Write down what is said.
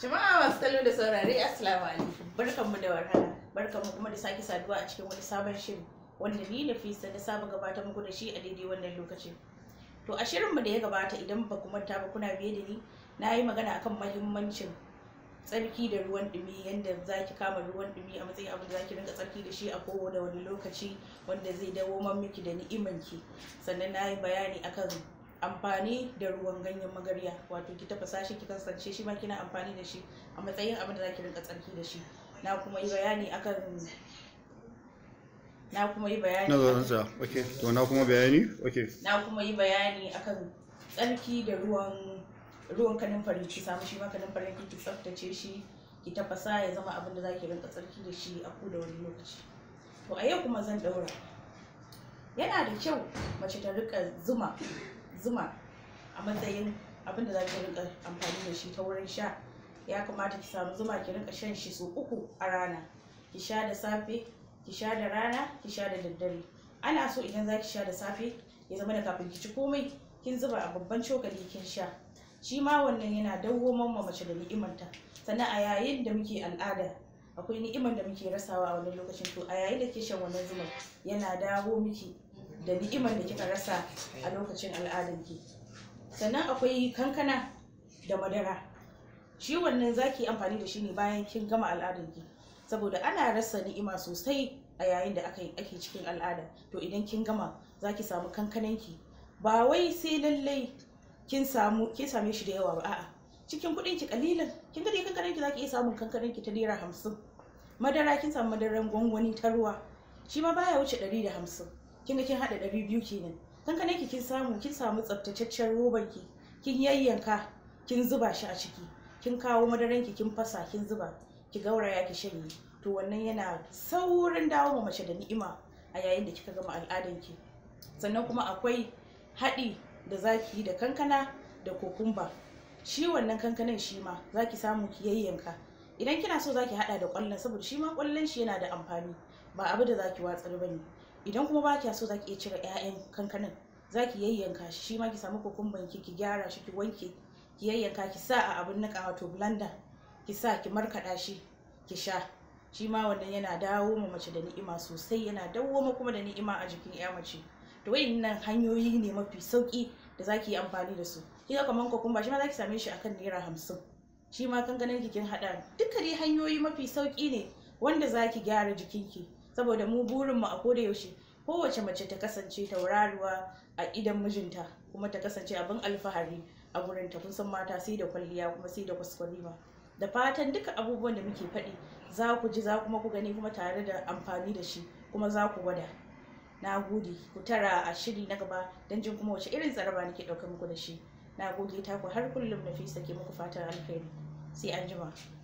Jama'a masu kallo da saurare Assalamu alaikum. Barkanmu da warhaka. Barkanmu kuma da sake saduwa a cikin wani sabon shiri wanda ni na Fisa da saba gabatar muku da shi a daidai wannan lokacin. To a shirinmu da ya gabata idan ba ku manta ba kuna biye da ni na yi magana akan mahimmancin tsarki da ruwan dumi yadda za ki kama ruwan dumi a matsayin abin da za ki rinka tsarki da shi a kowane wani lokaci wanda zai dawo miki da ni'imanki sannan na yi bayani akan amfani da ruwan ganyen magarya wato ki tafasa shi ki kasance shi ma kina amfani da shi a matsayin abin da zaki rinka tsarki da shi na kuma yi bayani akan na kuma yi bayani na zaran sa okay to na kuma bayani okay na kuma yi bayani akan tsarki da ruwan ruwan fari ki samu shi ma fari ki tsaftace shi ki tafasa ya zama abin da zaki rinka tsarki da shi a koda wani lokaci to a yau kuma zan daura yana da kyau mace ta rika zuma zuma a matsayin abin da za ki rinka amfani da shi ta wurin sha ya kamata ki samu zuma ki rinka shan shi sau uku a rana ki sha da safe ki sha da rana ki sha da daddare ana so idan za ki sha da safe ya zama da kafin ki ci komai kin zuba a babban cokali kin sha shi ma wannan yana dawo ma mace da ni'imanta sannan a yayin da muke al'ada akwai ni'imar da muke rasawa a wannan lokacin to a yayin da ke shan wannan zuma yana dawo miki da ni'imar da kika rasa a lokacin al'adarki sannan akwai kankana da madara shi wannan zaki amfani da shi ne bayan kin gama al'adarki saboda ana rasa ni'ima sosai a yayin da ake cikin al'ada to idan kin gama zaki samu kankananki ba wai sai lallai kin samu kin same shi da yawa ba a'a cikin kuɗin ki kalilan kin ga kankananki, za ki iya samun kankananki ta naira hamsin madara kin samu madaran gwangwani ta ruwa shi ma baya wuce ɗari da hamsin kin ga kin hada ɗari biyu kenan kankane ki kin samu kin samu tsaftataccen roban ki kin yayyanka kin zuba shi a ciki kin kawo madaran ki kin fasa kin zuba ki gauraya ki shanye to wannan yana saurin dawo ma mace da ni'ima a yayin da kika gama al'adan ki sannan kuma akwai haɗi da zaki yi da kankana da kokumba shi wannan kankanan shi ma zaki samu ki yayyanka idan kina so zaki haɗa da ƙwallon, saboda shi ma kwallon shi yana da amfani ba abu da zaki watsar bane idan kuma ba kya so zaki iya cire 'ya'yan kankanin za ki yayyanka shi shi ma ki samu kokumban ki ki gyara shi ki wanke ki yayyanka ki sa a abin nika wato blender ki sa ki markaɗa shi ki sha shi ma wannan yana dawo ma mace da ni'ima sosai yana dawo ma kuma da ni'ima a jikin 'ya mace to wayannan hanyoyi ne mafi sauki da za ki yi amfani da su ki ga kaman kokumba shi ma za ki same shi kan naira hamsin shi ma kankanin ki kin haɗa duka dai hanyoyi mafi sauki ne wanda za ki gyara jikinki saboda mu burinmu a koda yaushe kowace mace ta kasance tauraruwa a idan mijinta kuma ta kasance abin alfahari a gurin ta kun san mata sai da kwalliya kuma sai da ba da fatan duka abubuwan da muke faɗi za ku ji za kuma ku gani kuma tare da amfani da shi kuma za ku gwada na gode ku tara a shiri na gaba don jin kuma wace irin tsaraba nake ɗaukar muku da shi na gode ta ku har kullum na fi sake muku fatan alheri sai an jima